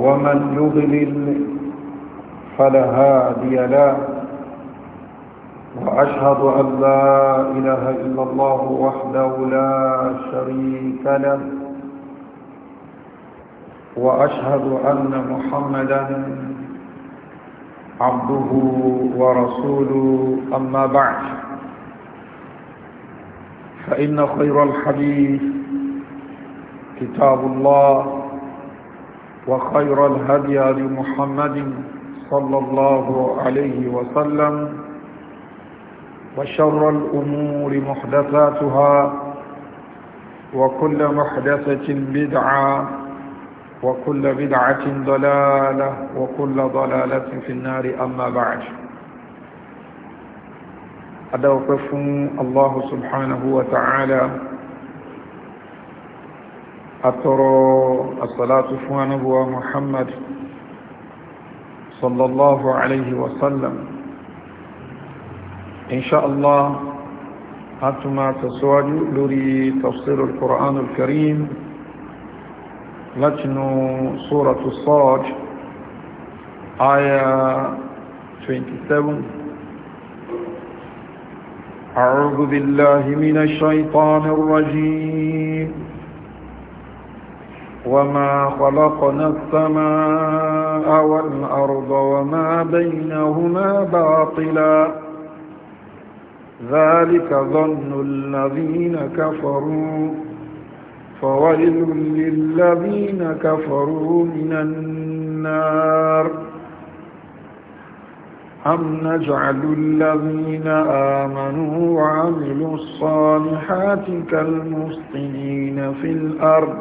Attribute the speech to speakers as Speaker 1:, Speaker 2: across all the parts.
Speaker 1: ومن يضلل فلا هادي له وأشهد أن لا إله إلا الله وحده لا شريك له وأشهد أن محمدا عبده ورسوله أما بعد فإن خير الحديث كتاب الله وخير الهدي لمحمد صلى الله عليه وسلم وشر الأمور محدثاتها وكل محدثة بدعة وكل بدعة ضلالة وكل ضلالة في النار أما بعد أدوقف الله سبحانه وتعالى أترى الصلاة فوان أبو محمد صلى الله عليه وسلم إن شاء الله أتما تسواج لري تفسير القرآن الكريم لجن سورة الصاج آية 27 أعوذ بالله من الشيطان الرجيم وما خلقنا السماء والأرض وما بينهما باطلا ذلك ظن الذين كفروا فويل للذين كفروا من النار أم نجعل الذين آمنوا وعملوا الصالحات كالمسطنين في الأرض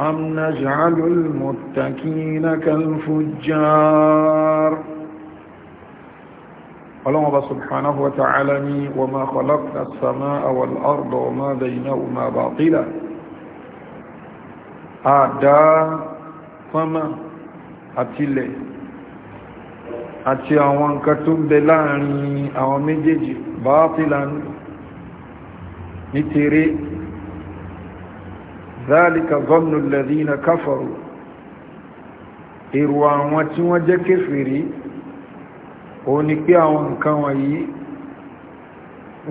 Speaker 1: أم نجعل المتكين كالفجار الله سبحانه وتعالى وما خلقنا السماء والأرض وما بينهما باطلا أعداء فما أتلي أتي أوان كتب دلاني أو مجيجي باطلا نتري ذلك ظن الذين كفروا èrò àwọn tí wọ́n jẹ́ kéfèrí ó ní pé àwọn nǹkan wọ̀nyí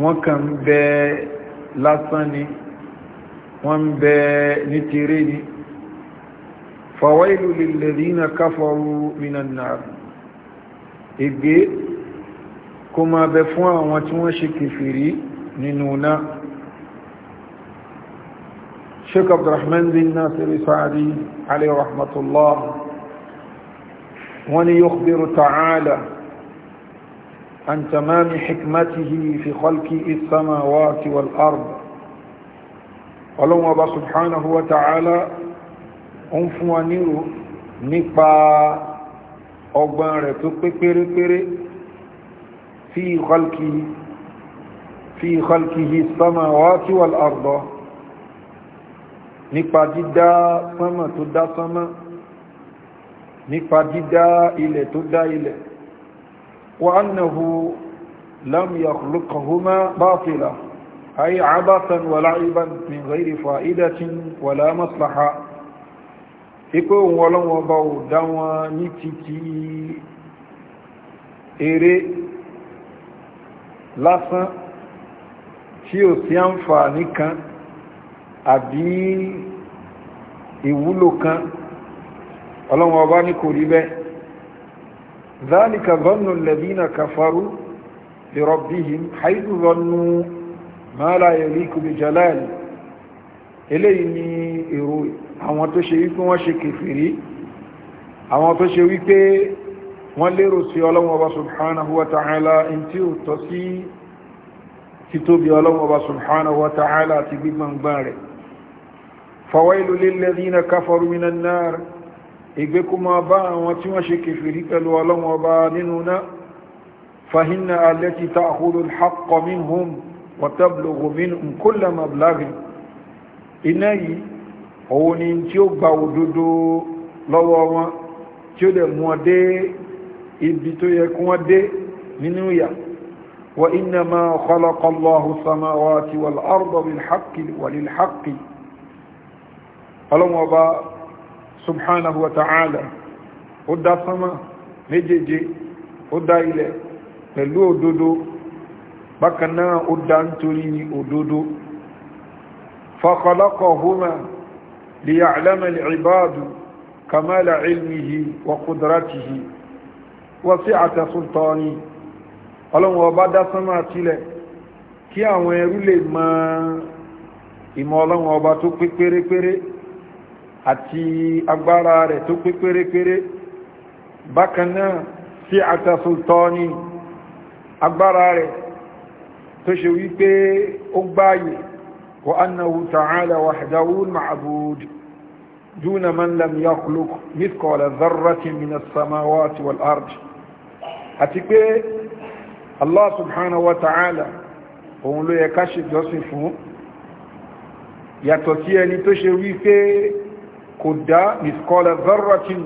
Speaker 1: wọ́n kàn ń bẹ lásán ni wọ́n ń bẹ ní tiré ni fawailu lilladhina kafaru minan nar ègbé kó máa bẹ fún àwọn tí wọ́n ṣe kéfèrí nínú náà sheikh abdulrahman bin nasir saadi alayhi rahmatullah wani yukhbiru ta'ala an tamami hikmatihi fi khalqi as-samawati wal ard ọlọ́wọ́n ọba subhanahu wa ta'ala ń fún wa nírò nípa ọgbọ́n rẹ̀ fi khalqi fi khalqihi as-samawati wal ard nípa dídá sánmọ̀ tó dá sánmọ̀ nípa dídá ilẹ̀ tó dá ilẹ̀ wa annahu lam yakhluqahuma batila ay abatan wa la'iban min ghairi fa'idatin wala maslaha ipe ohun ọlọ́wọ́ bá ò dá ní títí eré lásán tí ò sí àǹfààní kan àbí ìwúlò kan ọlọ́run ọba ní kò rí bẹ́ẹ̀ ذلك ظن الذين كفروا بربهم حيث ظنوا ما لا يليق بجلاله eléyìí ni èrò àwọn tó ṣe wípé wọ́n ṣe kèfèrí àwọn tó ṣe wípé wọ́n lérò sí ọlọ́run ọba subhanahu wa ta'ala in tí ó tọ́ sí títóbi ọlọ́run ọba subhanahu wa ta'ala àti gbígbàngbà rẹ̀ fawailu lilladhina kafaru minan nar ìgbé kó máa bá àwọn tí wọ́n ṣe kèfèrí pẹ̀lú ọlọ́wọ́ ọba nínú náà fahinna allati ta'khudhu al-haqqa minhum wa tablughu minhum kulla mablaghin iná yìí òun ni tí ó gba òdodo lọ́wọ́ wọn tí ó dẹ̀ mú wọn dé ibi tó yẹ kí wọ́n dé nínú ìyà wa innama khalaqa Allahu samawati wal arda bil haqqi wa haqqi alamu ọba subhanahu wa ta'ala ó dá sánmà méjèèjì ó dá ilẹ̀ pẹ̀lú òdodo bákaná ó dá nítorí òdodo fàkọlọ́kọ̀ húnmà lè àlẹ́mà lè ribaadu kamala ilmihi wa kudratihi wa si ata sultani ọlọ́wọ́ bá dá sánmà tilẹ̀ kí àwọn ẹrú lè máa ìmọ̀ ọlọ́wọ́ bá tó pé pérépéré pere. àti agbára rẹ̀ tó pé pérépéré bákan náà sí àtàsultani agbára rẹ̀ tó ṣe wípé ó gbáyé wa annahu ta'ala wahdahu al-ma'bud duna man lam yakhluq mithqala dharratin min as-samawati wal ard àti Allah subhanahu wa ta'ala òun ló yẹ ká ṣe jọ́sìn fún yàtọ̀ sí ẹni tó ṣe wípé kò dá mìskọ́lẹ̀ zarratin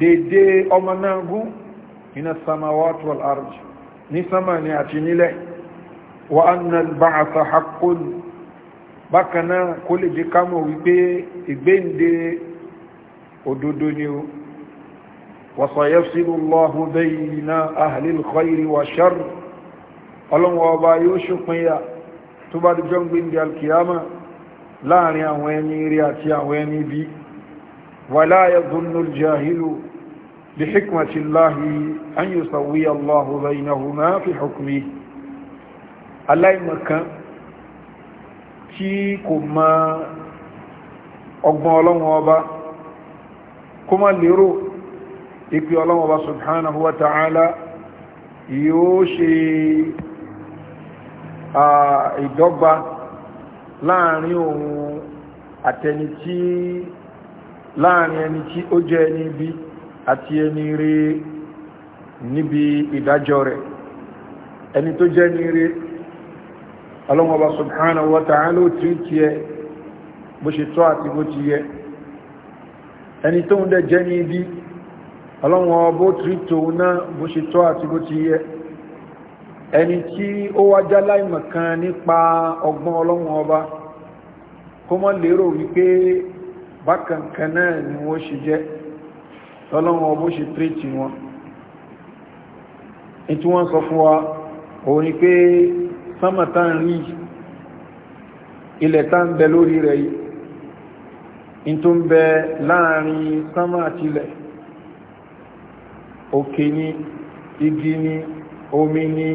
Speaker 1: dédé ọmọ náà gún iná samawati wal ardi ní sama ni àti nílẹ̀ wa annal ba'asa haqqun bákanáà kó lè jẹ́ kámọ̀ wípé ìgbéǹde òdodo ni o وسيصل الله بين أهل الخير والشر ọlọ́wọ́ ọba yóò ṣùpínyà tó bá dìjọ́ gbìndì alkiyama láàrin àwọn ẹni rí àti àwọn ẹni bí wala yadhunnu al-jahilu bi hikmati Allahi an yusawwiya Allahu baynahuma fi hukmihi aláìmọ̀kan tí kò mọ ọgbọ́n ọlọ́run ọba kó má lérò ìpí ọba subhanahu wa ta'ala yóò ṣe ìdọ́gba uh, láàrin òun àtẹni tí láàrin ẹni tí ó jẹ́ ẹni ibi àti ẹni rí níbi ìdájọ́ rẹ̀ ẹni tó jẹ́ ẹni rí ọlọ́mọba subhanahu wa ta'ala ó tí tí ẹ bó ṣe tọ́ àti bó ti yẹ ẹni tó ń dẹ̀ jẹ́ ní ọlọ́mọba ó tí tó náà bó ṣe tọ́ àti bó ti yẹ ẹni tí ó wájá láìmọ̀ kan nípa ọgbọ́n ọlọ́run ọba kó mọ́ lérò wípé bákankan náà ni wọ́n ṣe jẹ́ lọ́lọ́run ọba ó ṣe tírètì wọn ní tí wọ́n sọ fún wa òun ni pé sánmà tá ń rí ilẹ̀ tá ń bẹ lórí rẹ̀ yìí ní tó ń bẹ láàrin sánmà àti ilẹ̀ òkè ni igi ni omi ni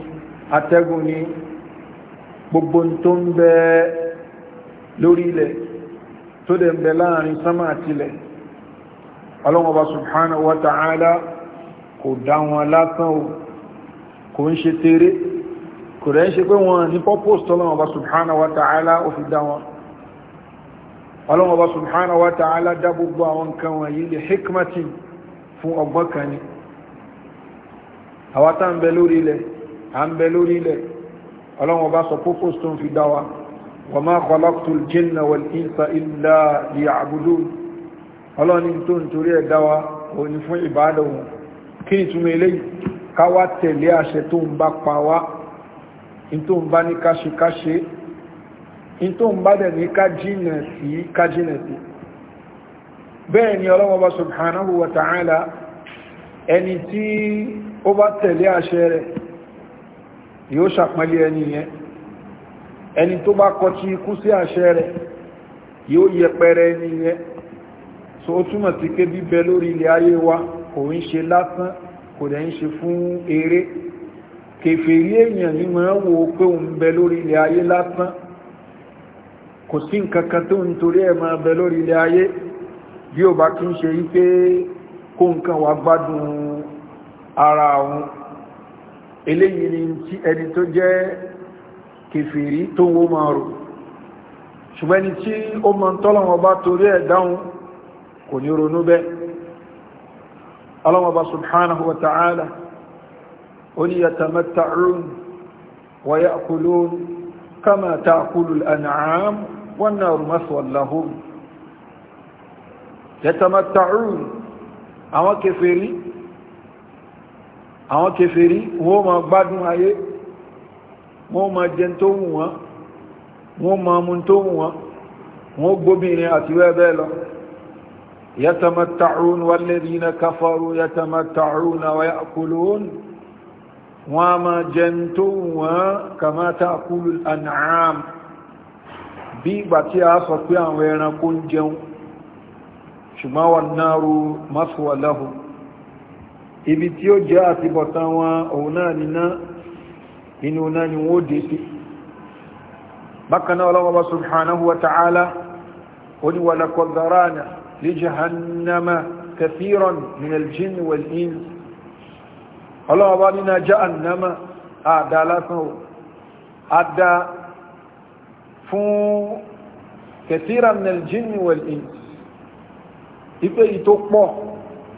Speaker 1: atẹ́gùn ni gbogbo tó ń bẹ lórí ilẹ̀ tó dẹ̀ ń bẹ láàrin sánmà àtilẹ̀ ọlọ́wọ́n bá subhanahu wa ta'ala kò dá wọn lásán o kò ń ṣe tèrè kò rẹ̀ ń ṣe pé wọn ní purpose tọ́lọ́wọ́n bá subhanahu wa ta'ala ó fi dá wọn ọlọ́wọ́n bá subhanahu wa ta'ala dá gbogbo àwọn nǹkan wọ̀nyí lè hikmati fún ọgbọ́n kan ni àwọn ń bẹ lórí ilẹ̀ à ń bẹ lórí ilẹ̀ ọlọ́run ọba sọ purpose tó ń fi dá wa wa ma khalaqtul jinna wal insa illa liya'budun ọlọ́run tó ń torí ẹ̀ dá wa òní fún ìbádọ̀ wọn kí ni túnmọ̀ eléyìí ká tẹ̀lé àṣẹ tó ń bá pa wá in tó ń bá ní káṣekáṣe in tó ń bá dẹ̀ ní kájínà sí kájínà sí bẹ́ẹ̀ ni ọlọ́wọ́ba subhanahu wa ta'ala ẹni tí ó bá tẹ̀lé àṣẹ rẹ̀ yóò ṣàpẹ́lé ẹni yẹn ẹni tó bá kọ tí ikú sí àṣẹ rẹ̀ yóò yẹpẹrẹ ẹni yẹn so ó túmọ̀ sí pé bíbẹ lórí ilẹ̀ ayé wa kò ń ṣe lásán kò dẹ̀ ń ṣe fún eré kèfèrí èèyàn ní mọ́ wo pé òun bẹ lórí ilẹ̀ ayé lásán kò sí nǹkan kan tó ń torí ẹ̀ máa bẹ lórí ilẹ̀ ayé bí ó bá kí ń ṣe wípé kó nǹkan wá gbádùn ara òun eléyìí ni tí ẹni tó jẹ́ kèfèrí tó wó máa rò ṣùgbọ́n ẹni tí ó mọ̀ tọ́lọ̀wọ̀ bá torí ẹ̀ dáhùn kò ní ronú bẹ́ ọlọ́wọ̀bá subhanahu wa ta'ala ó ní yatamatta'un wa ya'kulun kama ta'kulu al-an'am wan naru maswan lahum yatamatta'un àwọn kèfèrí àwọn kèfèrí wọ́n ma gbádùn ayé wọ́n ma jẹun tó wù wọ́n wọ́n ma mú tó wù wọ́n wọ́n gbóbìnrin àti wẹ́ẹ̀bẹ́ lọ yatamatta'un walladhina kafaru yatamatta'un wa ya'kulun wọ́n a ma jẹun tó wù wọ́n kama ta'kulu al-an'am ibi tí ó jẹ́ àtibọ̀tán wọn òun náà níná inú náà ni wọ́n dé sí bákaná ọlọ́wọ́bá subhanahu wa ta'ala oníwàlákọ̀dáránà lè jahannama kathiran min aljin wal ins ọlọ́wọ́bá nínú jahannama àdá pọ̀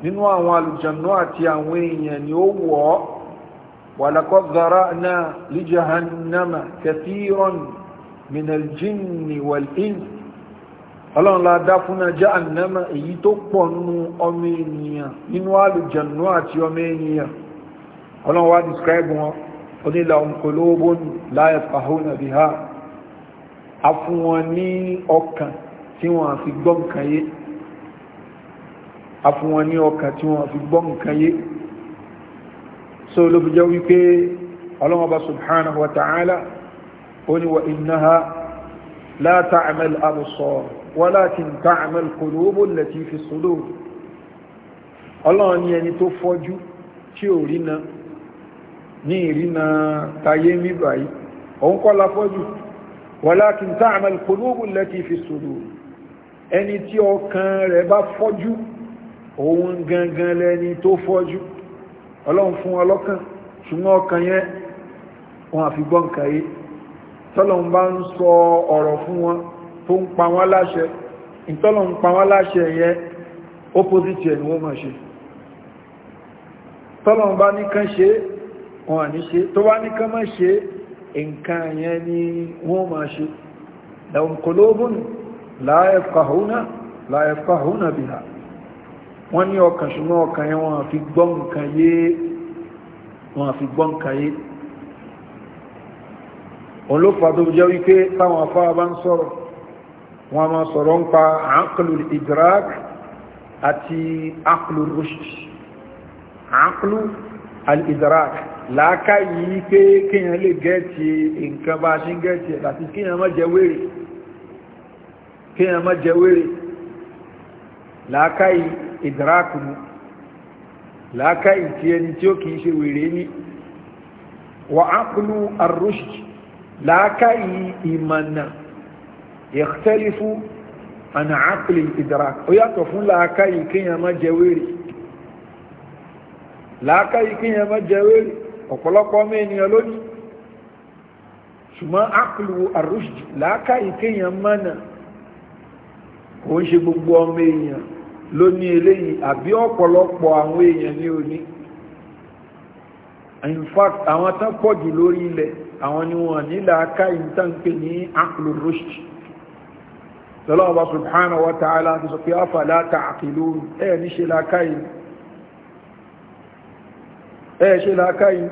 Speaker 1: nínú àwọn alùjànnú àti àwọn èèyàn ni ó wọ̀ ọ́ walaqad dhara'na li jahannama kathiran minal jinni wal ins ọlọ́run la dá fún náà jahannama èyí tó pọ̀ nínú ọmọ ènìyàn nínú alùjànnú àti ọmọ ènìyàn ọlọ́run describe wọn ó ní lahum qulubun biha a ní ọkàn tí wọ́n fi gbọ́ afún wọn ní ọkàn tí wọ́n fi gbọ́ nǹkan yé so ló fi jẹ́ wípé ọlọ́wọ́ba subhanahu wa ta'ala ó ní wa innaha la ta'mal absar walakin ta'mal qulubu allati fi sudur ọlọ́run ní ẹni tó fọ́jú tí ò rína ní ìrìnà tayé mìbà yìí òun kọ́ la fọ́jú walakin ta'mal qulubu allati fi sudur ẹni tí ọkàn rẹ̀ bá fọ́jú òun gangan lẹni tó fọ́jú ọlọ́run fún ọlọ́kàn ṣùgbọ́n ọkàn yẹn wọn àfi gbọ́n kàyé tọ́lọ̀n bá ń sọ ọ̀rọ̀ fún wọn tó ń pa wọ́n láṣẹ ìtọ́lọ̀n pa wọ́n láṣẹ yẹn ni wọ́n máa ṣe bá nìkan ṣe wọn à ní ṣe tó bá nìkan máa ṣe nǹkan yẹn ni wọ́n máa ṣe wọ́n ní ọkàn ṣùgbọ́n ọkàn yẹn wọ́n fi gbọ́ nǹkan yé wọ́n fi gbọ́ nǹkan yé jẹ́ wípé táwọn afáwà bá ń sọ̀rọ̀ wọ́n máa sọ̀rọ̀ ń pa àákùlù idrak àti àákùlù rushd àákùlù alidrak. idrak láàká yìí pé kíyàn lè gẹ́ẹ̀tì nǹkan bá ṣe ń gẹ́ẹ̀tì àti kíyàn má jẹ wèrè láàká yìí ìdíráàkù mu làákà ìtì ẹni tí ó kìí ṣe wèrè ní wà ákùlù arúṣì làákà ìmànà ìtẹ́lifú àna ákùlù ìdíráàkù ó yàtọ̀ fún làákà ìkéyàn má jẹ wèrè làákà ìkéyàn má jẹ wèrè ọ̀pọ̀lọpọ̀ ọmọ ènìyàn lónìí ṣùgbọ́n ákùlù arúṣì làákà ìkéyàn mánà kò ń ṣe gbogbo ọmọ èèyàn ló ní eléyìí àbí ọ̀pọ̀lọpọ̀ àwọn èèyàn ní òní in fact àwọn tán pọ̀ jù lórí ilẹ̀ àwọn ni wọ́n nílà aká ìtànkè ní aqlu rushd lọ́lọ́ọ̀bá subhanahu wa ta'ala ti sọ pé afala ta'qilun ẹ̀ ṣe làákàyè ẹ̀ ṣe làákàyè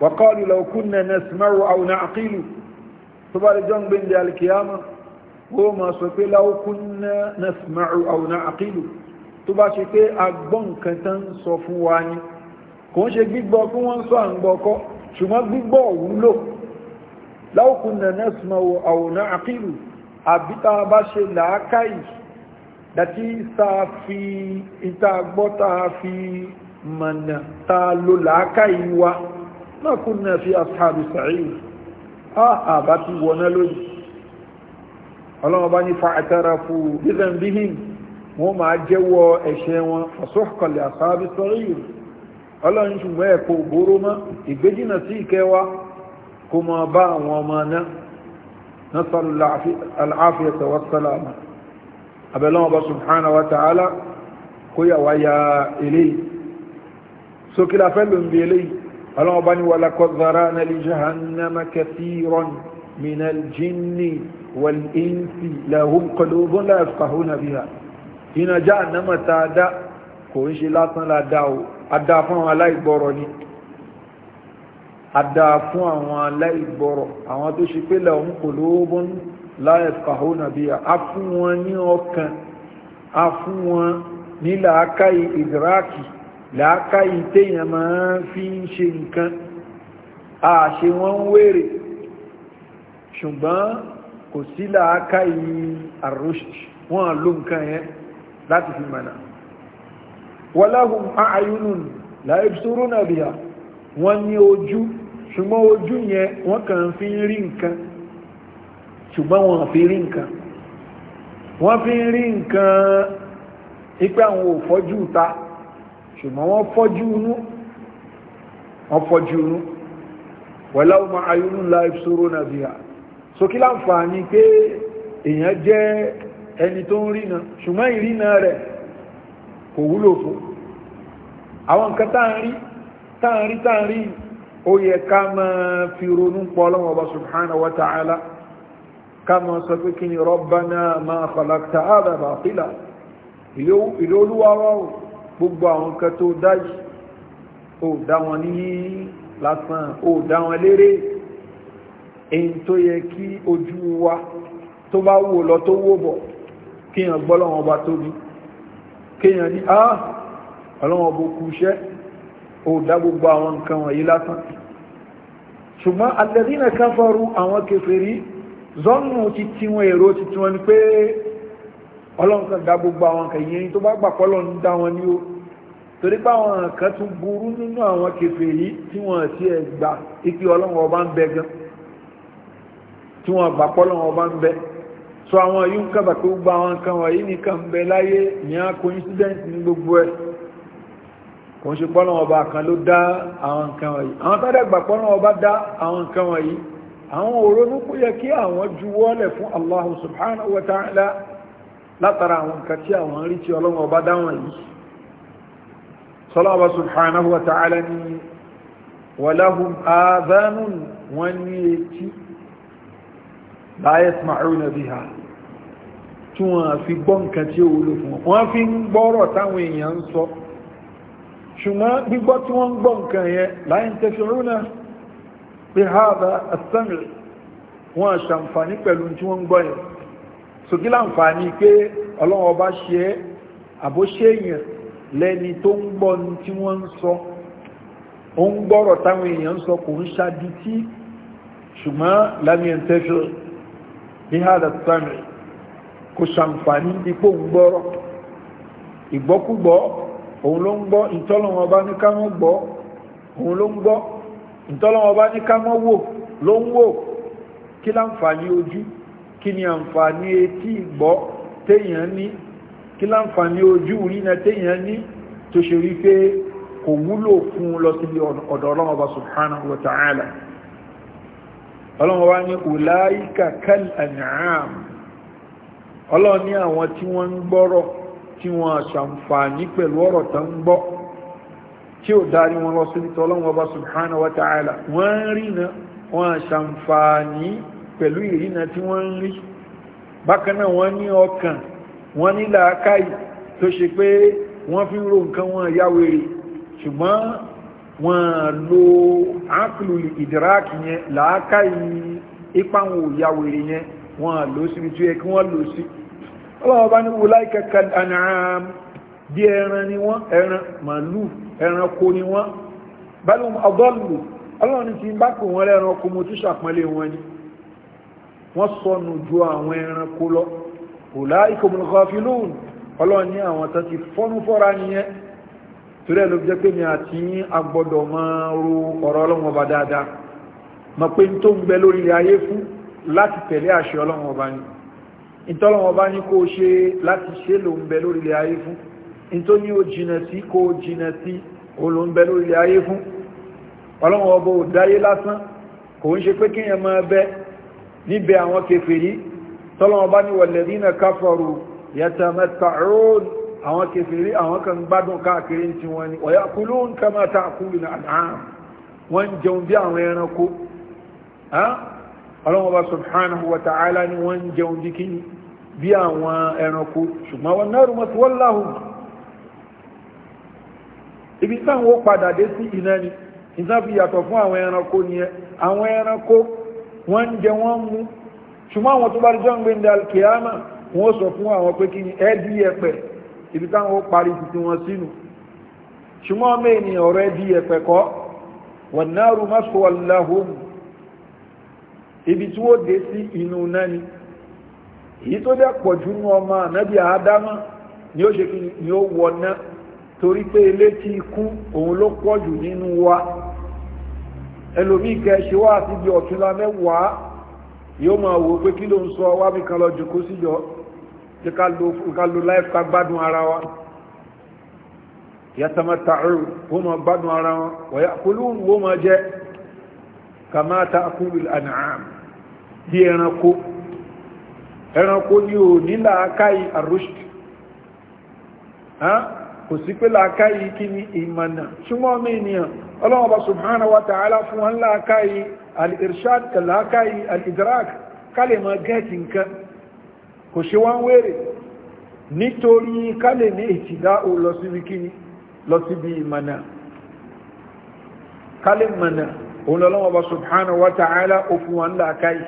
Speaker 1: wa qalu law kunna nasma'u aw tó bá lè jọ́ ó ma sọ pé láwọ́kún náà smaru àwọn àkílù tó bá ṣe pé agbọ́n nǹkan tán sọ fún wa ní kò ń ṣe gbígbọ́ kí wọ́n sọ àǹgbọ́kọ́ ṣùgbọ́n gbígbọ́ wúlò láwọ́kún náà smaru àwọn àkílù àbíta bá ṣe làákàyè dàtí sáàfi ìtàgbọ́ta fi mọ̀nà ta ló ọlọ́wọ́n bá ní fa àtàràfù bíbẹ̀nbíhìn wọ́n máa jẹ́wọ́ ẹ̀ṣẹ̀ wọn fàṣọ́kọ̀lẹ̀ àsáábí sọ́rí yìí ọlọ́run ṣùgbọ́n ẹ̀kọ́ ògbóró mọ́ ìgbéjìnà sí ìkẹwa kó mọ bá àwọn ọmọ náà nasalu al'afiya tawassala ma abẹ́lọ́wọ́n bá subhana wa ta'ala kó yà wá ya eléyìí sókìlà fẹ́ ń bi eléyìí ọlọ́wọ́n bá ní wàlá zara na jahannama kathiran minal jinni والإنس لهم قلوب لا يفقهون بها هنا جهنم تادا كونش لا تنلا داو أدا فان لا يبرني أدا فان لا يبر أما تشك لهم قلوب لا يفقهون بها أفواني أوكا أفوان نلاكاي إدراكي láàkáyí téèyàn máa fi ń ṣe nǹkan àṣe wọ́n ń wèrè ṣùgbọ́n kò sí làákà yìí àrùsì wọ́n ló nǹkan yẹn láti fi mọ̀nà walahum a'yunun la yubsiruna biha wọ́n ní ojú ṣùgbọ́n ojú yẹn wọ́n kàn fi ń rí nǹkan ṣùgbọ́n wọ́n fi rí nǹkan wọ́n fi ń rí nǹkan ipé àwọn ò fọ́jú ta ṣùgbọ́n wọ́n fọ́jú inú wọ́n fọ́jú inú walahum a'yunun la yubsiruna biha so kí láǹfààní pé èèyàn jẹ́ ẹni tó ń rìnà ṣùgbọ́n ìrìnà rẹ̀ kò wúlò fún àwọn nǹkan táàrí táàrí táàrí ó yẹ ká máa fi ronú pọ̀ Ọlọ́hun Ọba wa ta'ala ká máa ni rabbana ma khalaqta hadha batila ìlú olúwarọ́ gbogbo àwọn nǹkan tó dáyì ó dá wọn ní lásán ó dá wọn lérè èyí tó yẹ kí ojú wa tó bá wò lọ tó wò bọ̀ kíyàn gbọ́lọ́wọ́n bá tóbi kíyàn ní á ah, ọlọ́wọ́n bó kú iṣẹ́ ó dá gbogbo àwọn nǹkan wọ̀nyí lásán ṣùgbọ́n alladhina kafaru àwọn kèfèrí zọ́nù ti tiwọn èrò ti tiwọn ni pé ọlọ́run kan dá gbogbo àwọn kan yẹn tó bá gbà pọ́lọ̀ ń dá wọn ní o torí pé àwọn kan tún burú nínú àwọn kèfèrí tí wọ́n ti ẹ̀ gbà ipi ọlọ́run ọba ń bẹ gan-an tí wọ́n gbà pọ́lọ́ wọn bá ń bẹ so àwọn yìí ń kábà pé gbogbo àwọn nǹkan wọ̀nyí nìkan bẹ láyé ní a coincidence ní gbogbo ẹ̀ kò ń ṣe pọ́lọ́ wọn bá kan ló dá àwọn nǹkan wọ̀nyí àwọn tó dẹ̀gbà pọ́lọ́ wọn bá dá àwọn nǹkan wọ̀nyí àwọn òrónú kó yẹ kí àwọn juwọ́lẹ̀ fún Allah subhanahu wa ta'ala látara àwọn nǹkan tí àwọn rí tí ọlọ́wọ́ bá dáwọn yìí sọ́lọ́wọ́ subhanahu wa ta'ala ni wàláhùn àádánù wọ́n ní etí la yasma'una biha tí wọ́n fi gbọ́ nǹkan tí ó wúlò fún wọn wọ́n fi ń gbọ́rọ̀ táwọn èèyàn ń sọ ṣùgbọ́n gbígbọ́ tí wọ́n ń gbọ́ nǹkan yẹn la yantafi'una bihadha as-sam' wọ́n ṣàǹfàní pẹ̀lú tí wọ́n ń gbọ́ yẹn sókí láǹfàní pé ọlọ́wọ́ ṣùgbọ́n lam bí hàdà sàmì kò ṣàǹfààní dípò ń gbọ́rọ̀ ìgbọ́kúgbọ́ òun ló ń gbọ́ ìtọ́lọ́wọ́n bá ní ká mọ́ gbọ́ òun ló ń gbọ́ ìtọ́lọ́wọ́n bá ní ká mọ́ wò ló ń wò kí láǹfààní ojú kí ni àǹfààní etí ìgbọ́ téèyàn ní kí láǹfààní ojú ìrìnà téèyàn ní tó ṣe rí pé kò wúlò fún lọ sí ọ̀dọ̀ ọlọ́mọba subhanahu wa ta'ala ọlọ́run wá ní ulaika kal an'am ọlọ́run ní àwọn tí wọ́n ń gbọ́rọ̀ tí wọ́n aṣàǹfààní pẹ̀lú ọ̀rọ̀ tó ń gbọ́ tí ó darí wọn lọ sí ní tọ́lọ́run ọba subhanahu wa wọ́n ń wọ́n aṣàǹfààní pẹ̀lú ìrìnà tí wọ́n rí bákan wọ́n ní ọkàn wọ́n ní làákàyè tó ṣe pé wọ́n fi ń ro nǹkan wọn yáwèrè ṣùgbọ́n wọn lo ákùlù ìdíráàkì yẹn làákàyè ipa wọn ò ya wèrè yẹn wọn lò síbi tí ó yẹ kí wọ́n lò sí ọlọ́wọ́ bá ní wùláì kẹkẹ ànàám bí ẹran ni wọ́n ẹran màálù ẹranko ni wọ́n bẹ́lú ọgọ́lù ọlọ́run ti bá kò wọ́n lẹ́ranko mo tún ṣàpọ́nlé wọn ni wọ́n sọnù ju àwọn ẹranko lọ wùláì kòmùnìkan fi lóhùn ọlọ́run ní àwọn tó ti fọ́nú fọ́ra nìyẹn torí ẹ̀ ló jẹ́ pé mi àti agbọ́dọ̀ máa ro ọ̀rọ̀ ọlọ́run ọba dáadáa mọ̀ pé tó ń bẹ lórí ayé fún láti tẹ̀lé àṣẹ ọlọ́run ọba ni ìtọ́lọ́run ọba ní kó ṣe láti ṣe ló ń bẹ lórí ayé fún ìtó ní ó jìnà sí kó jìnà sí ó ló ń bẹ lórí ayé fún ọlọ́run ọba ò dáyé lásán kò ń ṣe pé kéèyàn máa bẹ níbẹ̀ àwọn kèfèrí tọ́lọ́run ọba ní walladhina kafaru yatamatta'un àwọn kèfèrí àwọn kan gbádùn káàkiri tí wọ́n ni ọ̀yá kúlú ń kama ta'kuluna an'am wọ́n jẹun bí àwọn ẹranko ọlọ́wọ́ bá subhanahu wa ta'ala ni wọ́n jẹun bí kíni bí àwọn ẹranko ṣùgbọ́n wọn náà rúmọ́ ibi táwọn ó padà dé sí iná ni iná fi yàtọ̀ fún àwọn ẹranko ni àwọn ẹranko wọ́n jẹ wọ́n mú ṣùgbọ́n àwọn tó bá jọ ń gbé ní alkiyama wọ́n sọ fún àwọn pé kíni ẹ́ di ẹ̀pẹ̀ ibi táwọn ó parí títí wọn sínú ṣùgbọ́n ọmọ ènìyàn ọ̀rọ̀ ẹbí ẹ̀pẹ̀ kọ́ wọ̀n náà rú mọ́sùn aláhùn ibi tí ó dé sí inú náà ni èyí tó dẹ̀ pọ̀ jù ní ọmọ ànábì àádámá ni ó ṣe ni ó wọná torí pé elétí ikú òun ló pọ̀ jù nínú wa ẹlòmíì kẹ wá àti ibi ọ̀túnla mẹ́wàá yóò máa wò pé kí ló ń sọ wábìkan lọ jòkó síjọ́ tí ká lo life ká gbádùn ara wa yàtàmátàrù wọ́n ma gbádùn ara wọn wọ́yá kúlùn wọ́n ma jẹ́ kàmáta akúlù ànàám bí ẹranko ẹranko ni ò ní làákàyí àrùsùk kò sí pé làákàyí kí ni ìmànà ṣùgbọ́n mi ènìyàn ọlọ́wọ́ bá subhanahu wa ta'ala fún wọn làákàyí al-irshad ka làákàyí al-idrak kálẹ̀ ma gẹ́ẹ̀tì nǹkan kò ṣe wá ń wèrè nítorí ká lè ní ìtìdá ò lọ síbi kíni lọ síbi ìmọ̀nà ká lè mọ̀nà òun lọ́lọ́wọ́ bá subhanahu wa ta'ala òfin wọn láàkáyì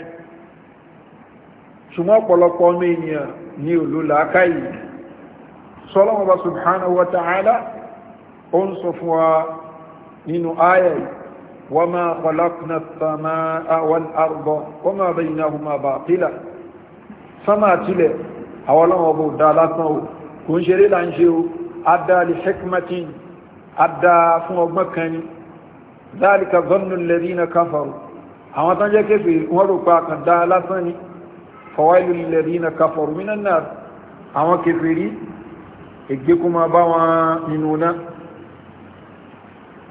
Speaker 1: ṣùgbọ́n ọ̀pọ̀lọpọ̀ ọmọ ènìyàn ní òlú láàkáyì sọ́lọ́wọ́ bá subhanahu wa ta'ala sánmà àtilẹ̀ àwọn ọlọ́wọ́ bó dá lásán o kò ń ṣeré là ń ṣe o adá lè hekmatin adá fún ọgbọ́n kan ni dáàlìkà zọ́nù lẹ́rí na káfàrù àwọn tán jẹ́ kéfè wọ́n rò pa kan dá lásán ni fọwáìlú lẹ́rí na káfàrù mí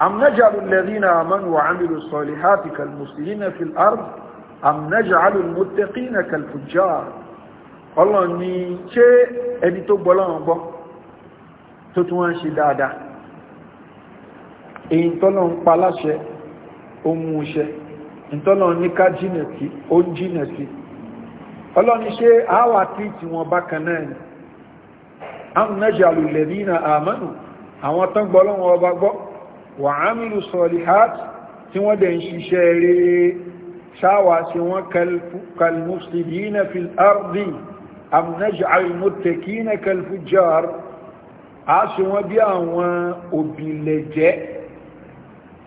Speaker 1: أم نجعل الذين آمنوا وعملوا الصالحات كالمسلمين في الأرض أم نجعل المتقين كالفجار ọlọ́run ni ṣé ẹni tó gbọ́ lọ́wọ́n gbọ́ tó tún wá ń ṣe dáadáa èyí tọ́lọ́run pa láṣẹ ó mú iṣẹ́ ìtọ́lọ́run ní ká jìnà sí ó ń jìnà sí ọlọ́run ṣe àwà tíìtì wọn bákan náà ni àwọn nájà lulẹ̀ nínú àmọ́nù àwọn tán gbọ́ ọba gbọ́ wà á mílù sọ̀lì hát tí wọ́n dẹ̀ ń ṣiṣẹ́ rere ṣáwà sí wọn kalmufsidina fil ardi am naj'al muttaqina kal fujjar a ṣe wọ́n bí àwọn òbílẹ̀jẹ́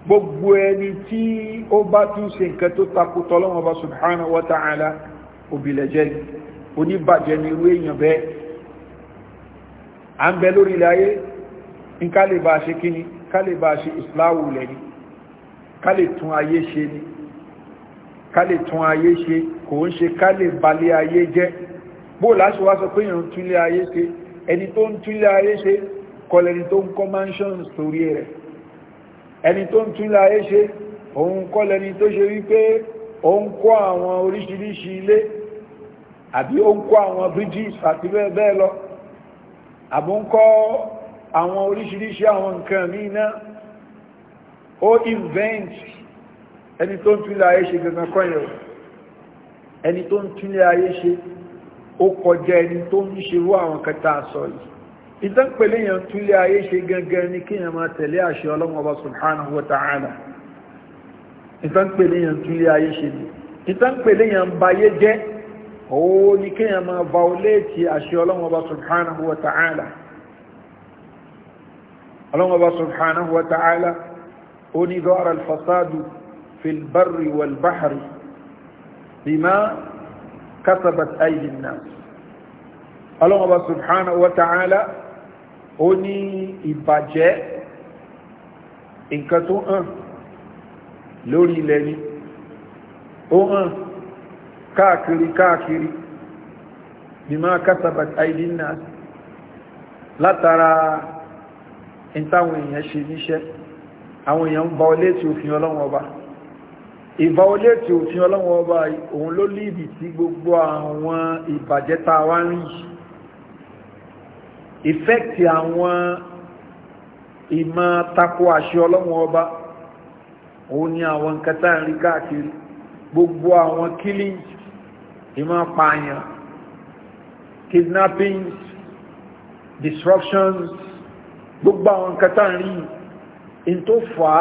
Speaker 1: gbogbo ẹni tí ó bá tún ṣe nǹkan tó takò tọ́lọ́wọ́n bá subhanahu wa ta'ala òbílẹ̀jẹ́ oníbàjẹ́ ni irú èèyàn bẹ́ẹ̀ à ń bẹ lórí ilẹ̀ ayé ní ká bá ṣe kíni lẹ́ni ká tún ayé ṣe kò ń ṣe ká balẹ̀ ayé jẹ́ bó láṣe wá sọ pé èèyàn túnlé ayé ṣe ẹni tó ń túnlé ayé ṣe kọlẹ̀ ẹni tó ń kọ́ mansions torí rẹ̀ ẹni tó ń túnlé ayé ṣe òun kọlẹ̀ ẹni tó ṣe wípé ó ń kọ́ àwọn oríṣiríṣi ilé àbí ó ń kọ́ àwọn bridges àti bẹ́ẹ̀ bẹ́ẹ̀ lọ àbó ń kọ́ àwọn oríṣiríṣi àwọn nǹkan míì náà ó invent ẹni tó ń túnlé ayé ṣe gangan kọ́ yẹn ẹni tó ń túnlé ayé ṣe ó kọjá ẹni tó ń ṣerú àwọn kẹta sọ yìí ìdánpẹ̀lẹ̀ yẹn túnlé ayé ṣe gangan ní kí yẹn máa tẹ̀lé àṣẹ ọlọ́run ọba subhanahu wa ta'ala ìtànpẹ̀lẹ̀ yẹn túnlé ayé ṣe ní ìtànpẹ̀lẹ̀ yẹn bayé jẹ́ òó ní kí yẹn máa vaoléètì àṣẹ ọlọ́run ọba kasabat aidi nas ọlọ́mọba subhanahu wa ta'ala ó ní ìbàjẹ́ nǹkan tó hàn lórí ilẹ̀ ni ó hàn káàkiri káàkiri bima kasabat aidi nas látara ìtàwọn èèyàn ṣe níṣẹ́ àwọn èèyàn ń ba ọlé òfin ọlọ́wọ́ ìfàwọléètì òfin ọlọ́wọ́ ọba òun ló líbi tí gbogbo àwọn ìbàjẹ́ta wá ń rí ìfẹ́kì àwọn ìmọ̀ tako àṣẹ ọlọ́wọ́ ọba òun ni àwọn kẹta ń rí káàkiri gbogbo àwọn killings ìmọ̀ pààyàn kidnappings disruptions gbogbo àwọn kẹta ń rí in tó fàá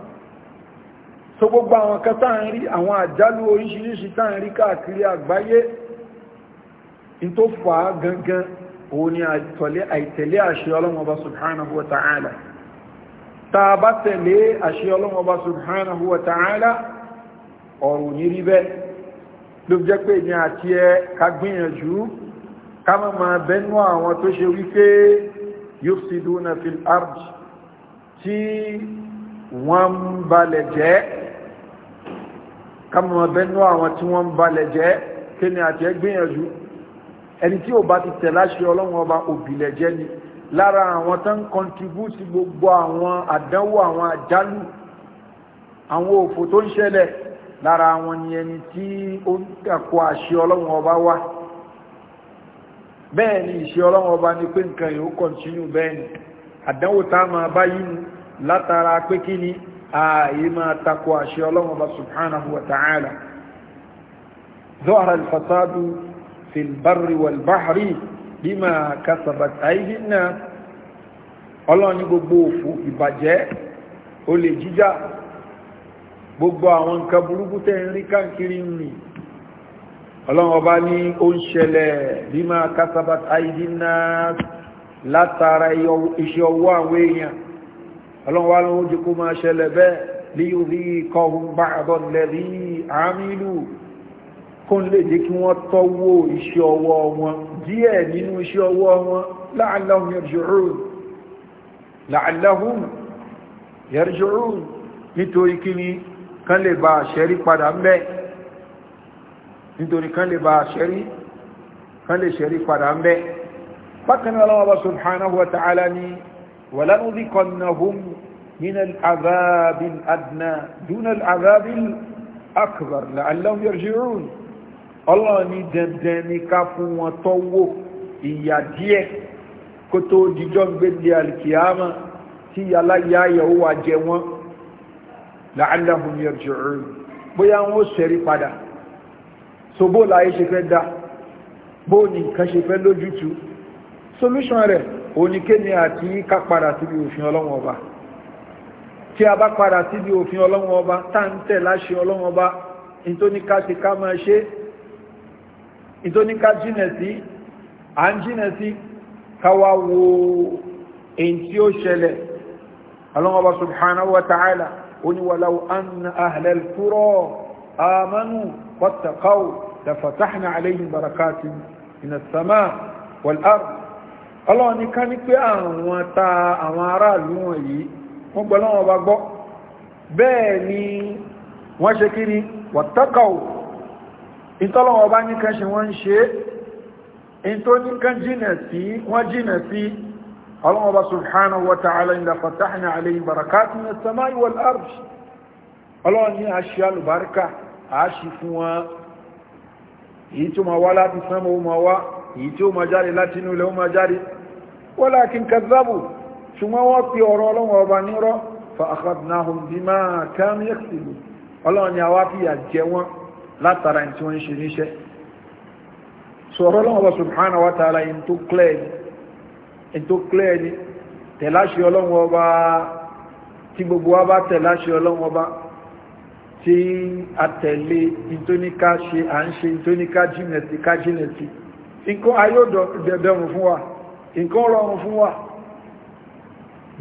Speaker 1: so gbogbo àwọn kan tá ń rí àwọn àjálù oríṣiríṣi tá ń rí káàkiri àgbáyé in tó fà á gangan òun ni àìtẹ̀lé àṣẹ ọlọ́mọba subhanahu wa ta'ala ta bá tẹ̀lé àṣẹ ọlọ́mọba subhanahu wa ta'ala ọ̀rùn ní rí bẹ́ ló jẹ́ pé ní àti ẹ ká gbìyànjú ká mọ́ máa bẹ́nu àwọn tó ṣe wípé yufsiduna fil wọ́n ń balẹ̀ jẹ́ kámọ̀ bẹ́nú àwọn tí wọ́n ń balẹ̀ jẹ́ kéni àti ẹgbìyànjú ẹni tí ò bá ti tẹ̀ láṣẹ ọlọ́run ọba òbílẹ̀ jẹ́ ni lára àwọn tó ń kọntribútì gbogbo àwọn àdánwò àwọn àjálù àwọn òfò tó ń ṣẹlẹ̀ lára àwọn ni ẹni tí ó ń dàkọ àṣẹ ọlọ́run ọba wá bẹ́ẹ̀ ni ìṣẹ́ ọlọ́run ọba ni pé nǹkan yóò kọ̀ntínú bẹ́ẹ̀ ni àdánwò tá a máa bá yìí látara pé kí ni ààyè máa takò àṣẹ ọlọ́run ọba subhanahu wa ta'ala zọ́hara alfasadu filbari walbahari bí máa kasabat àìdí náà ọlọ́run ní gbogbo òfò ìbàjẹ́ olè jíjà gbogbo àwọn nǹkan burúkú tẹ́ ń rí káàkiri ń rìn ọlọ́run ọba ní ó ń ṣẹlẹ̀ bí máa kasabat àìdí náà látara iṣẹ́ ọwọ́ àwọn èèyàn ọlọ́wọ́ alóhun jẹ́ kó máa ṣẹlẹ̀ bẹ́ẹ̀ líyùrí kọhun bá àbọ̀lẹ̀rí àmìlú kó lè jẹ́ kí wọ́n tọ́wọ́ iṣẹ́ ọwọ́ wọn díẹ̀ nínú iṣẹ́ ọwọ́ wọn láàláhùn yẹrìṣòrùn nítorí kí ni kán lè bá ṣẹ́rí padà mẹ́ nítorí kán bá ṣẹ́rí kán lè ṣẹ́rí padà mẹ́ bákan náà lọ́wọ́ subhanahu wa من العذاب الأدنى دون العذاب الأكبر لعلهم يرجعون Allah ní dandan ní ká fún wọn tọ́wọ́ ìyà díẹ̀ kó tó dijọ́ gbélé alkiyama tí aláyà yẹ̀wò wà jẹ wọn la'allahum yarji'un bóyá wọn ó sẹ̀rí padà so bó láyé ṣe fẹ́ dá bó ní nǹkan ṣe fẹ́ lójútu solution rẹ̀ oníkéni àti ká padà síbi òfin ọlọ́wọ́n ọba tí a bá padà síbi òfin ọlọ́run ọba táǹtẹ̀ láṣẹ ọlọ́run ọba ìtóníká ti ká máa ṣe ìtóníká jìnà sí à ń jìnà sí káwà wo èyí tí ó ṣẹlẹ̀ ọlọ́run ọba subhanahu wa ta'ala oníwàláwò anna ahlal kúrọ̀ amanu wattaqaw la fatahna alayhim barakatin min sama wal ard ọlọ́run ní ká ní pé àwọn ta àwọn aráàlú wọ̀nyí wọ́n gbọ́ lọ́wọ́ bá gbọ́ bẹ́ẹ̀ ni wọ́n ṣe kí ni wọ̀tọ́kọ̀ọ́ ìtọ́lọ́wọ́ bá ní kan ṣe wọ́n ń ṣe in tó ní kan jìnà sí wọ́n jìnà sí ọlọ́wọ́ bá subhanahu wa ta'ala inda fatahna alayhim barakatun minas samai wal ardi ṣùgbọ́n wọ́n fi ọ̀rọ̀ ọlọ́run ọba nírọ́ fa akhadnahum bima kanu yaktubu ọlọ́run ni àwa fìyà jẹ wọ́n látara ní tí wọ́n ń ṣe níṣẹ́ sọ̀rọ̀ ọlọ́run ọba subhanahu wa ta'ala in tó clear ni tẹ̀láṣẹ ọlọ́run tí a tẹ̀lé ìtóníká ṣe à ń ṣe ìtóníká jìnà ká jìnà sí nǹkan ayé dẹ̀dẹ̀rùn fún wa nǹkan rọrùn fún wa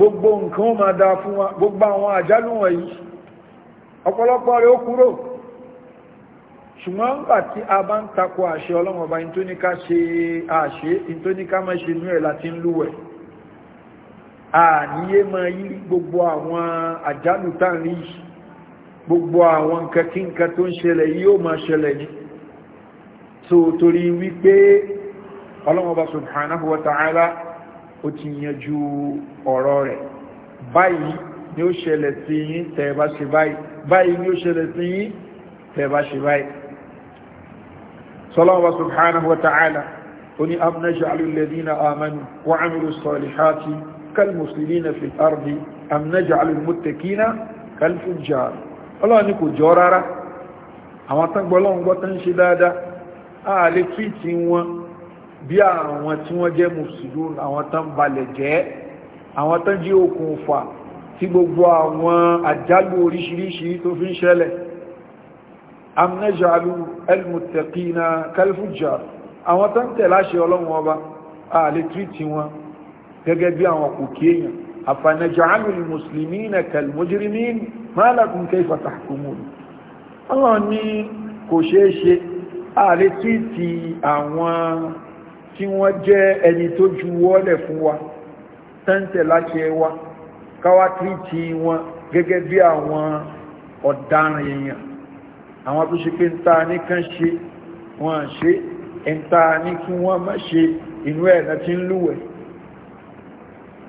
Speaker 1: gbogbo nǹkan ó máa dáa fún wa gbogbo àwọn àjálù wọ̀nyí ọ̀pọ̀lọpọ̀ rẹ̀ ó kúrò ṣùgbọ́n nígbà tí a bá ń takò àṣẹ ọlọ́run ọba ìntóníká ṣe àṣẹ ìntóníká máa ṣe inú ẹ̀ láti ń lúwẹ̀ àníyé máa yí gbogbo àwọn àjálù táàrí gbogbo àwọn nǹkan kí nǹkan tó ń ṣẹlẹ̀ yóò máa ṣẹlẹ̀ ní so wípé ọlọ́run subhanahu wa ta'ala ó ti yanjú ọ̀rọ̀ rẹ̀ báyìí ni ó ṣẹlẹ̀ sí yín tẹ́ bá ṣe báyìí báyìí ni ó ṣẹlẹ̀ sí yín tẹ́ bá ṣe báyìí sọlọ́wọ́ bá subhanahu wa ta'ala ó ní am naj'alu alladhina amanu wa 'amilu salihati kal muslimina fil ardi am bí àwọn tí wọ́n jẹ́ mùsùlùmí àwọn tán balẹ̀ jẹ́ àwọn tán jí okùn fà tí gbogbo àwọn àjálù oríṣiríṣi tó fi ń ṣẹlẹ̀ amnẹ́jàlú elmutekina kalfuja àwọn tán tẹ̀ láṣẹ ọlọ́run ọba ààlè tírìtì wọn gẹ́gẹ́ bí àwọn kòkí èèyàn afanẹ́jàlú muslimina kalmujrimin ma lakum kayfa tahkumun Allah tí wọ́n jẹ́ ẹni tó ju wọ́lẹ̀ fún wa tẹ́ǹtẹ̀ láṣẹ wa káwá tírìtì wọn gẹ́gẹ́ bí àwọn ọ̀daràn èèyàn àwọn tó ṣe pé ń ta ní kán ṣe wọ́n ṣe ń ta ní kí wọ́n má ṣe inú ẹ̀nà tí ń lúwẹ̀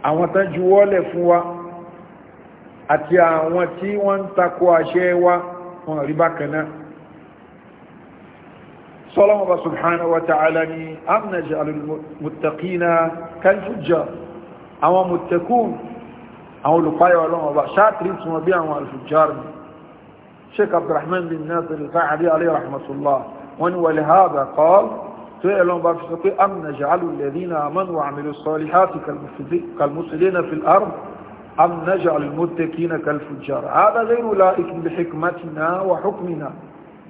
Speaker 1: àwọn tán ju wọ́lẹ̀ fún wa àti àwọn tí wọ́n ń takò àṣẹ wa wọn rí bákan náà صلى الله سبحانه وتعالى أم نجعل المتقين كالفجار أو متكون أو لقايا والله الله شاترين سمبيعا والفجار شيخ عبد الرحمن بن ناصر الفاعلي عليه رحمة الله وانو لهذا قال فإعلم بافتقي أم نجعل الذين آمنوا وعملوا الصالحات كالمسلين في الأرض أم نجعل المتكين كالفجار هذا غير لائك بحكمتنا وحكمنا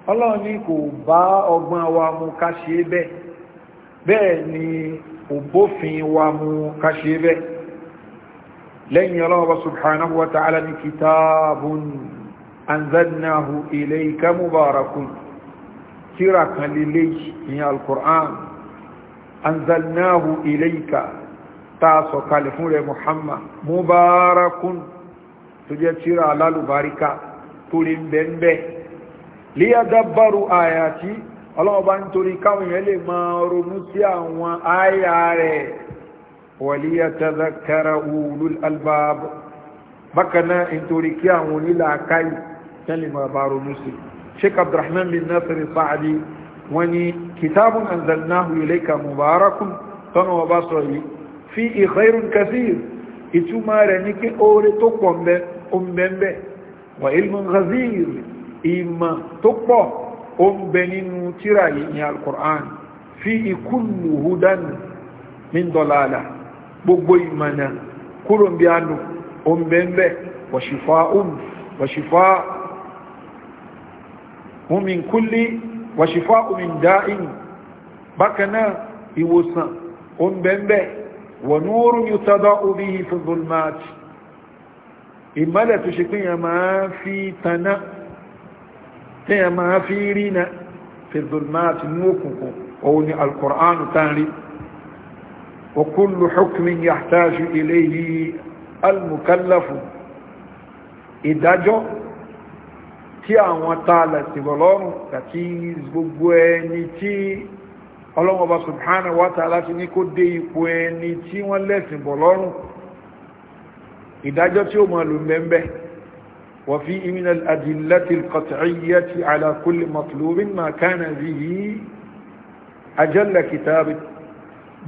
Speaker 1: ọlọ́run ní kò bá ọgbọ́n wa mú ká ṣe é bẹ́ẹ̀ bẹ́ẹ̀ ni òbófin wa mú ká ṣe é bẹ́ẹ̀ lẹ́yìn ọlọ́run wa subhanahu wa ta'ala ní kitabun anzalnahu ilayka mubarakun tírà kan lílé ìyẹn alkur'an anzalnahu ilayka ta sọ̀kalẹ̀ fún rẹ̀ muhammad mubarakun tó jẹ́ tírà alálùbáríkà tó lè ń bẹ́ẹ̀ liyadabaru ayati ọlọ́wọ́ bá ń torí káwọn èèyàn lè máa ronú sí àwọn àyà rẹ̀ waliyatadhakkara ulul albab bákaná nítorí kí àwọn onílà akáyì tẹ́lẹ̀ máa bá ronú sí sheikh abdulrahman bin nasir sa'adi wọ́n ní kitabun anzalnahu ilayka mubarakun tọ́nà ọba sọ yìí fi khairun kathir ìtumọ̀ rẹ̀ ní kí oore tó pọ̀ ń bẹ ń bẹ wa ilmun ghazir ìmọ̀ tó pọ̀ ó ń bẹ nínú tíra yìí ní alkùrán fi ìkúlù hudan min dọ̀láàlá gbogbo ìmọ̀nà kúrò bí a nù ó ń bẹ ń bẹ wàṣífà um wàṣífà min kulli wàṣífà min dá'in bákanáà ìwòsàn ó ń bẹ ń bẹ wa nurun tó ṣe pín tí a máa fi rí na fìdùlmáàtì ní òkùnkùn òun ni alkùrán tánrí wa kullu hukmin yahtaju ilayhi almukallafu ìdájọ́ tí àwọn tààlà sí bọ̀lọ́rùn àti gbogbo ẹni tí ọlọ́wọ́ bá subhanahu wa ta'ala ti ní kó dé ipò ẹni tí wọ́n lẹ́sìn bọ̀lọ́rùn ìdájọ́ tí ó mọ̀ lù mẹ́mbẹ́ وفي من الأدلة القطعية على كل مطلوب ما كان به أجل كتاب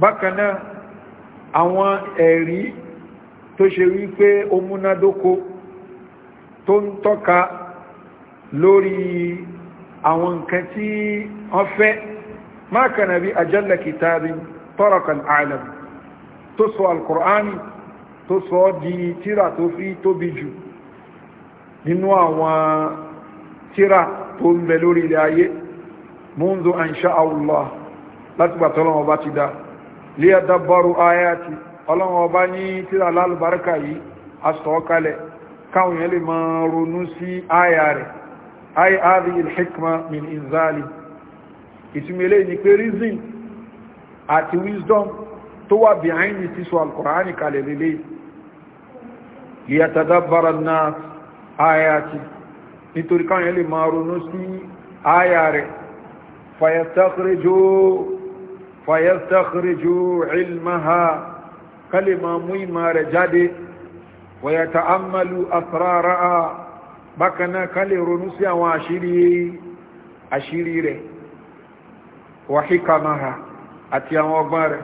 Speaker 1: بكنا àwọn ẹ̀rí tó ṣe wí pé ó múnádóko tó ń tọ́ka lórí àwọn nǹkan tí wọ́n fẹ́ ma kana bi ajalla kitabin taraka al-alam tó sọ al-Qur'ani di tírà tó fi tóbi jù nínú àwọn tíra tó ń bẹ lórí ilẹ̀ ayé mundu ansha Allah láti gbà tọ́lọ́wọ́ ọba ti dá lé adábọ́rù ayati ọlọ́wọ́ ọba ní tíra lálùbáríkà yìí asọ̀ọ́kalẹ̀ káwọn yẹn lè máa ronú wisdom tó wà behind it sọ alkùránì kalẹ̀ lélẹ̀ liyatadabbara ayati nítorí káwọn yẹn lè máa ronú sí aya rẹ̀ fayastakhrijo fayastakhrijo ilmaha ká lè máa mú ìmọ̀ rẹ̀ jáde wayata'ammalu asraraha bákan náà ká ronú sí àwọn àṣírí rẹ̀ wa àti àwọn ọgbọ́n rẹ̀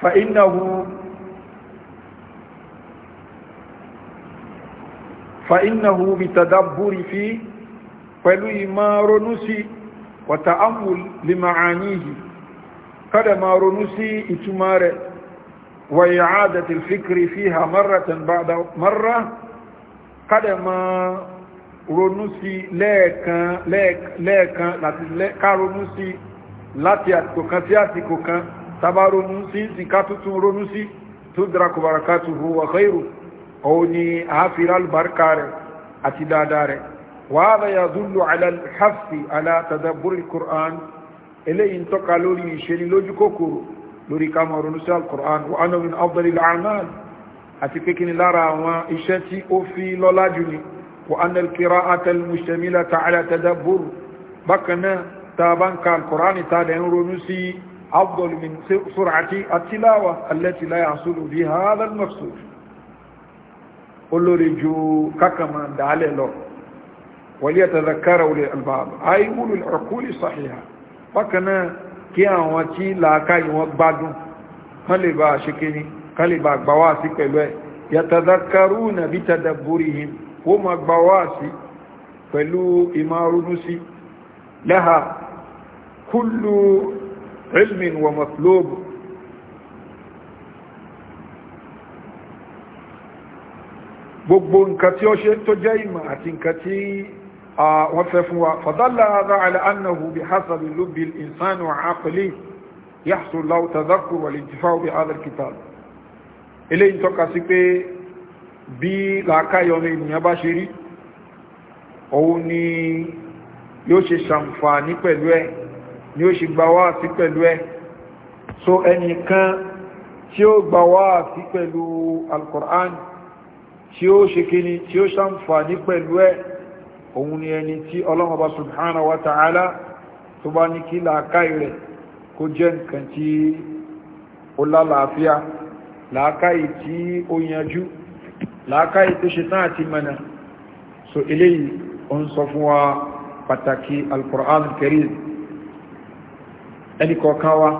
Speaker 1: fa فإنه بتدبر فيه فلوي ما رنسي وتأمل لمعانيه قد ما رنسي إتمار وإعادة الفكر فيها مرة بعد مرة قد ما رنسي لك لك لك لك رنسي láti àtìkò kan sí àtìkò kan tàbá ronú sí ìsìnká tuntun òun ni àáfíra albarka rẹ̀ àti dáadáa rẹ̀ wàhálà ya zulu alhafi alatadaburi quran eléyìí ń tọ́ka lórí ìṣeni lójú kòkòrò lórí kamarun sí alquran wa anu min afdalil a'mal àti pé kíni lára àwọn iṣẹ́ tí ó fi lọ́lá jù ni wa anna alqira'ata almushtamilata ala tadabbur olórí ju kákàmà dálẹ̀ lọ waliyatadhakkara ulul albab ayé wúlò uquli sahiha bákan náà kí àwọn tí làákàyè wọn gbádùn kán lè bá ṣe kíní kán lè bá gbà wá sí pẹ̀lú ẹ̀ yatadhakkaruna bitadabburihim ó ma gbà sí pẹ̀lú ìmárúnú sí laha kullu ilmin wa matlub gbogbo nǹkan tí ó ṣe tó jẹ́ ìmọ̀ àti nǹkan tí wọ́n fẹ́ fún wa fadalla hadha ala annahu bi hasabi lubbi al-insani wa aqli yahsul lahu tadhakkur wal intifa'u bi hadha al-kitab eléyìí tọ́ka sí pé bí làákàyọ̀ ní ènìyàn bá ṣe rí òun ni yóò ṣe ṣàǹfààní pẹ̀lú ẹ̀ ni ó ṣe gbà wá sí pẹ̀lú ẹ̀ so ẹnìkan tí ó gbà wá sí pẹ̀lú al tí ó ṣe kíni tí ó ṣàǹfàní pẹ̀lú ẹ̀ òun ni ẹni tí ọlọ́run subhanahu wa ta'ala tó bá ní kí làákàí rẹ̀ kó jẹ́ nǹkan tí ó lálàáfíà làákàí tí ó yanjú làákàí tó ṣe tán àti mẹ́nà so eléyìí ó ń sọ fún wa pàtàkì al-Qur'an al-Karim ẹni kọ̀ọ̀kan wa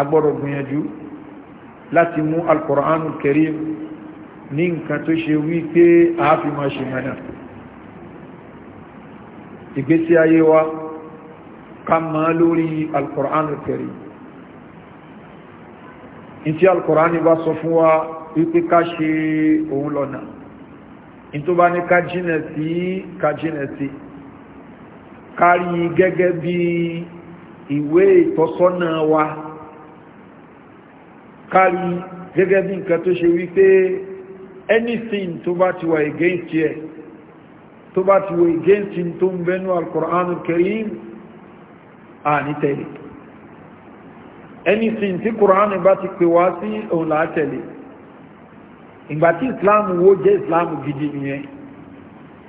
Speaker 1: agbọ́dọ̀ gbìyànjú láti mú al-Qur'an ní nǹkan tó ṣe wí pé àáfimọ̀ ṣe mọ̀nà ìgbésí ayé wa ká mọ́ lórí alkùrán kẹrì in tí alkùrán bá sọ fún wa wípé ká ṣe òun lọ́nà in tó bá ní ká jìnà sí ká jìnà sí kárí gẹ́gẹ́ bí ìwé ìtọ́sọ́nà wa kárí gẹ́gẹ́ bí nǹkan tó ṣe wípé anything tó bá ti wà against yẹ tó bá ti wà against tó ń bẹnu al-Qur'an al-Karim à ní tẹ̀lé anything tí Qur'an bá ti pè wá sí òun là á tẹ̀lé ìgbà tí Islam wo jẹ́ Islam gidi nìyẹn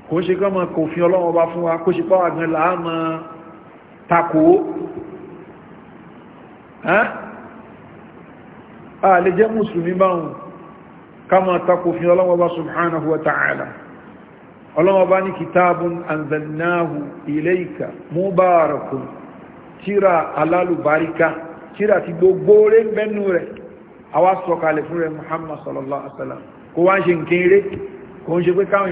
Speaker 1: kò ṣe kọ́ mọ́ kò fi ọlọ́wọ́ bá fún wa kó ṣe pọ́wà gan là á mọ́ takò á lè jẹ́ mùsùlùmí báwọn kama tako fi ọlọ́wọ́ba subhanahu wa ta'ala ọlọ́wọ́ba ní kitabun anzannahu ilayka mubarakun tírà alálùbáríká tírà ti gbogbo rẹ̀ mẹ́nu rẹ̀ àwa sọ̀kalẹ̀ fún rẹ̀ muhammad sallallahu alaihi wasallam kò wá ń ṣe nkéré kò ń ṣe pé káwọn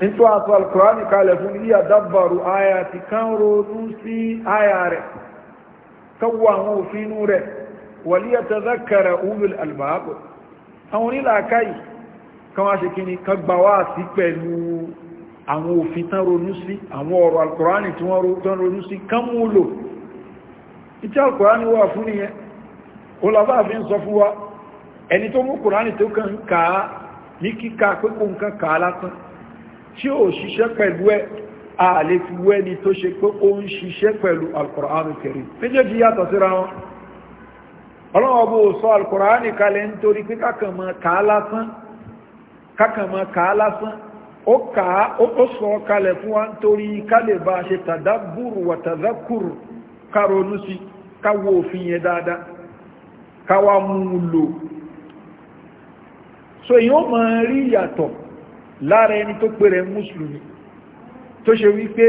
Speaker 1: nítorí àtọ́ alkùránì kalẹ̀ fún ilé àdábàrù àyà ti kán ronú sí àyà rẹ̀ kọwọ́ àwọn òfinú rẹ̀ wàlíyà ta zakara ulul albaabu àwọn onílàákàyì kan wá ṣe kíni kan gbà wá sí pẹ̀lú àwọn òfin tán ronú sí àwọn ọ̀rọ̀ alkùránì tí wọ́n tán ronú sí kán múlò ìtí alkùránì ní kíkà pé kò ń kàn tí ó ṣiṣẹ́ pẹ̀lú a ààlè fi wẹ́ ni tó ṣe pé ó ń ṣiṣẹ́ pẹ̀lú alkùránì kẹrì méjèèjì yàtọ̀ síra wọn ọlọ́wọ́ bó sọ alkùránì kalẹ̀ nítorí pé kákàmọ́ kàá lásán kákàmọ́ kàá lásán ó kàá ó sọ kalẹ̀ fún wa nítorí kálẹ̀ bá ṣe tàdábùrù wà tàdákùrù káronú sí káwọ òfin yẹn dáadáa káwá mú un lò so èyí ó mọ rí yàtọ̀ lára ẹni tó pèrè mùsùlùmí tó ṣe wípé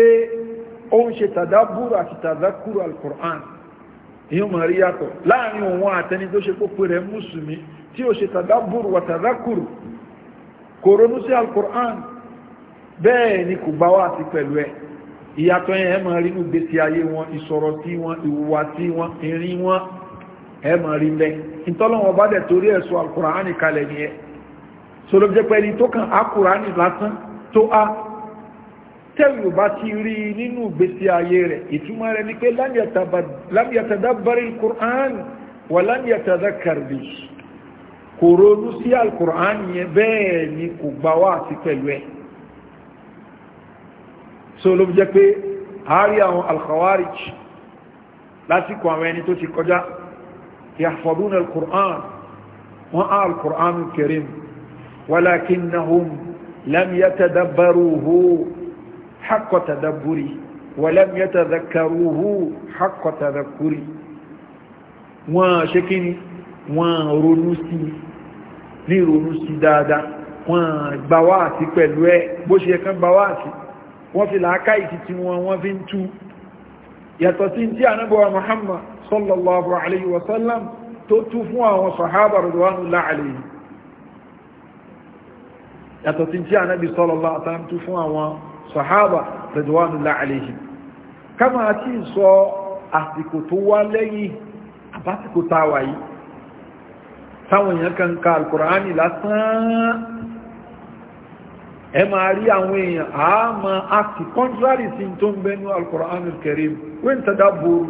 Speaker 1: ó ń ṣe tàdábùrù àti tàdákùrù al-Qur'an yíò mọ̀ rí yàtọ̀ láàrin òun àtẹni tó ṣe kó pèrè mùsùlùmí tí ó ṣe tàdábùrù wà tàdákùrù kò sí al-Qur'an bẹ́ẹ̀ ni kò bá wà sí pẹ̀lú ẹ̀ ìyàtọ̀ yẹn ẹ máa rí inú gbèsè ayé wọn ìsọ̀rọ̀ tí wọn ìwà tí bá dẹ̀ torí ẹ̀sọ́ al-Qur'an ni ẹ̀ so ló jẹ́ pẹ́ni tó kàn á kùránì lásán tó á tẹ́lù bá ti rí nínú ìgbésí ayé rẹ̀ ìtumọ̀ rẹ̀ ni pé lam yatadabbari al-Qur'an wa lam yatadhakkar bi kò ronú sí al-Qur'an yẹn bẹ́ẹ̀ ni kò gbà wá àti pẹ̀lú ẹ̀ so ló jẹ́ pé àárí àwọn al-Khawarij lásìkò àwọn ẹni tó ti kọjá yahfaduna al-Qur'an wọ́n á al-Qur'an al ولكنهم لم يتدبروه حق تدبره ولم يتذكروه حق تذكره wọ́n ṣe kí ni wọ́n ronú sí ní ronú sí dáadáa wọ́n gbáwá àti pẹ̀lú ẹ bó ṣe kán gbáwá àti wọ́n fi làákà ìtì tí wọ́n wọ́n fi ń tú yàtọ̀ sí tí ànábọ̀wà Muhammad sallallahu alayhi wa sallam tó tú fún àwọn sahaba rọ̀dọ̀wánu láàrin yàtọ̀ tí tí ànábì sallallahu alaihi wasallam tún fún àwọn sàhábà radwanullahi alaihim kama àti sọ àsìkò tó wá lẹ́yìn àbásìkò táwà yìí táwọn èèyàn kan ka alkùránì lásán ẹ máa rí àwọn èèyàn àmà àti contrary sí tó ń bẹnu alkùránì karim wọ́n tadabbur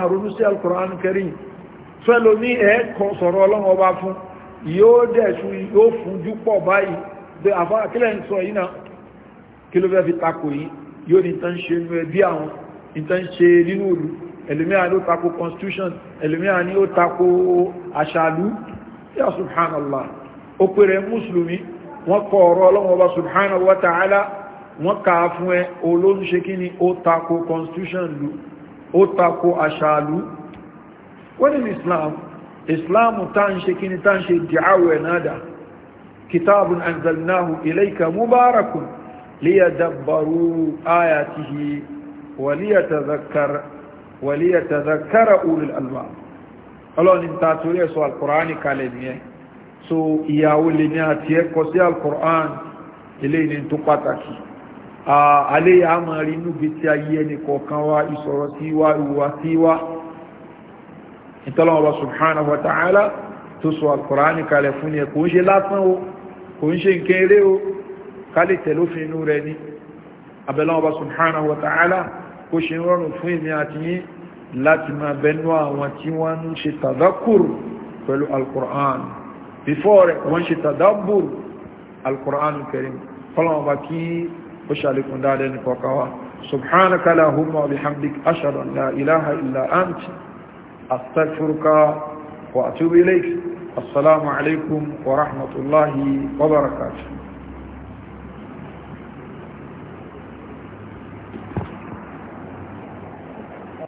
Speaker 1: alkùránì karim fẹ́lò ní ẹ̀ẹ́kan sọ̀rọ̀ ọlọ́run ọba fún yóò dẹ̀ṣù yóò fún jú pọ̀ báyìí bẹ àfá àkílẹ̀ ń sọ yìí náà kí ló fẹ́ fi takò yìí yóò ní tán ṣe inú ẹbí àwọn ìtàn ṣe nínú òlù ẹlòmíà ló takò constitution ẹlòmíà ní ó takò àṣàlú yà subhanallah ó pèrè mùsùlùmí wọ́n kọ ọ̀rọ̀ ọlọ́run ọba subhanahu ta'ala wọ́n kà á fún ẹ olóńṣe constitution lu ó takò wọ́n ní islam islam tá ń ṣe kíni tá ń ṣe dìáwẹ̀ náà dà kitabu anzalnahu ilayka mubarakun liyadabbaru ayatihi wa liyatadhakkara wa liyatadhakkara ulul albab ọlọ́ni ta torí ẹ̀sọ́ alkùránì kalẹ̀ nìyẹn so ìyàwó lè ní àti ẹ̀kọ́ sí alkùránì ilé ìní tó pàtàkì àlẹ́ àmàrí inú gbé tí ayé ẹnì kọ̀ọ̀kan wá ìsọ̀rọ̀ sí wá ìwà sí wá ìtọ́lọ́wọ́ subhanahu wa ta'ala tó sọ alkùránì kalẹ̀ fún ẹ kò ń ṣe lásán o kò ń ṣe nǹkan eré o ká lè tẹ̀lófin inú rẹ̀ ni abẹ́lọ́wọ́ subhanahu wa ta'ala kó ṣe ń rọrùn fún ìmí àti before rẹ̀ wọ́n ṣe tàdábùr alkùránì karim kọ́lọ́wọ́ kí ó ṣàlékún dáadẹ́ nìkọ̀ọ̀kan wa subhanaka lahumma wa bihamdik ashhadu an أستغفرك وأتوب إليك السلام عليكم ورحمة الله وبركاته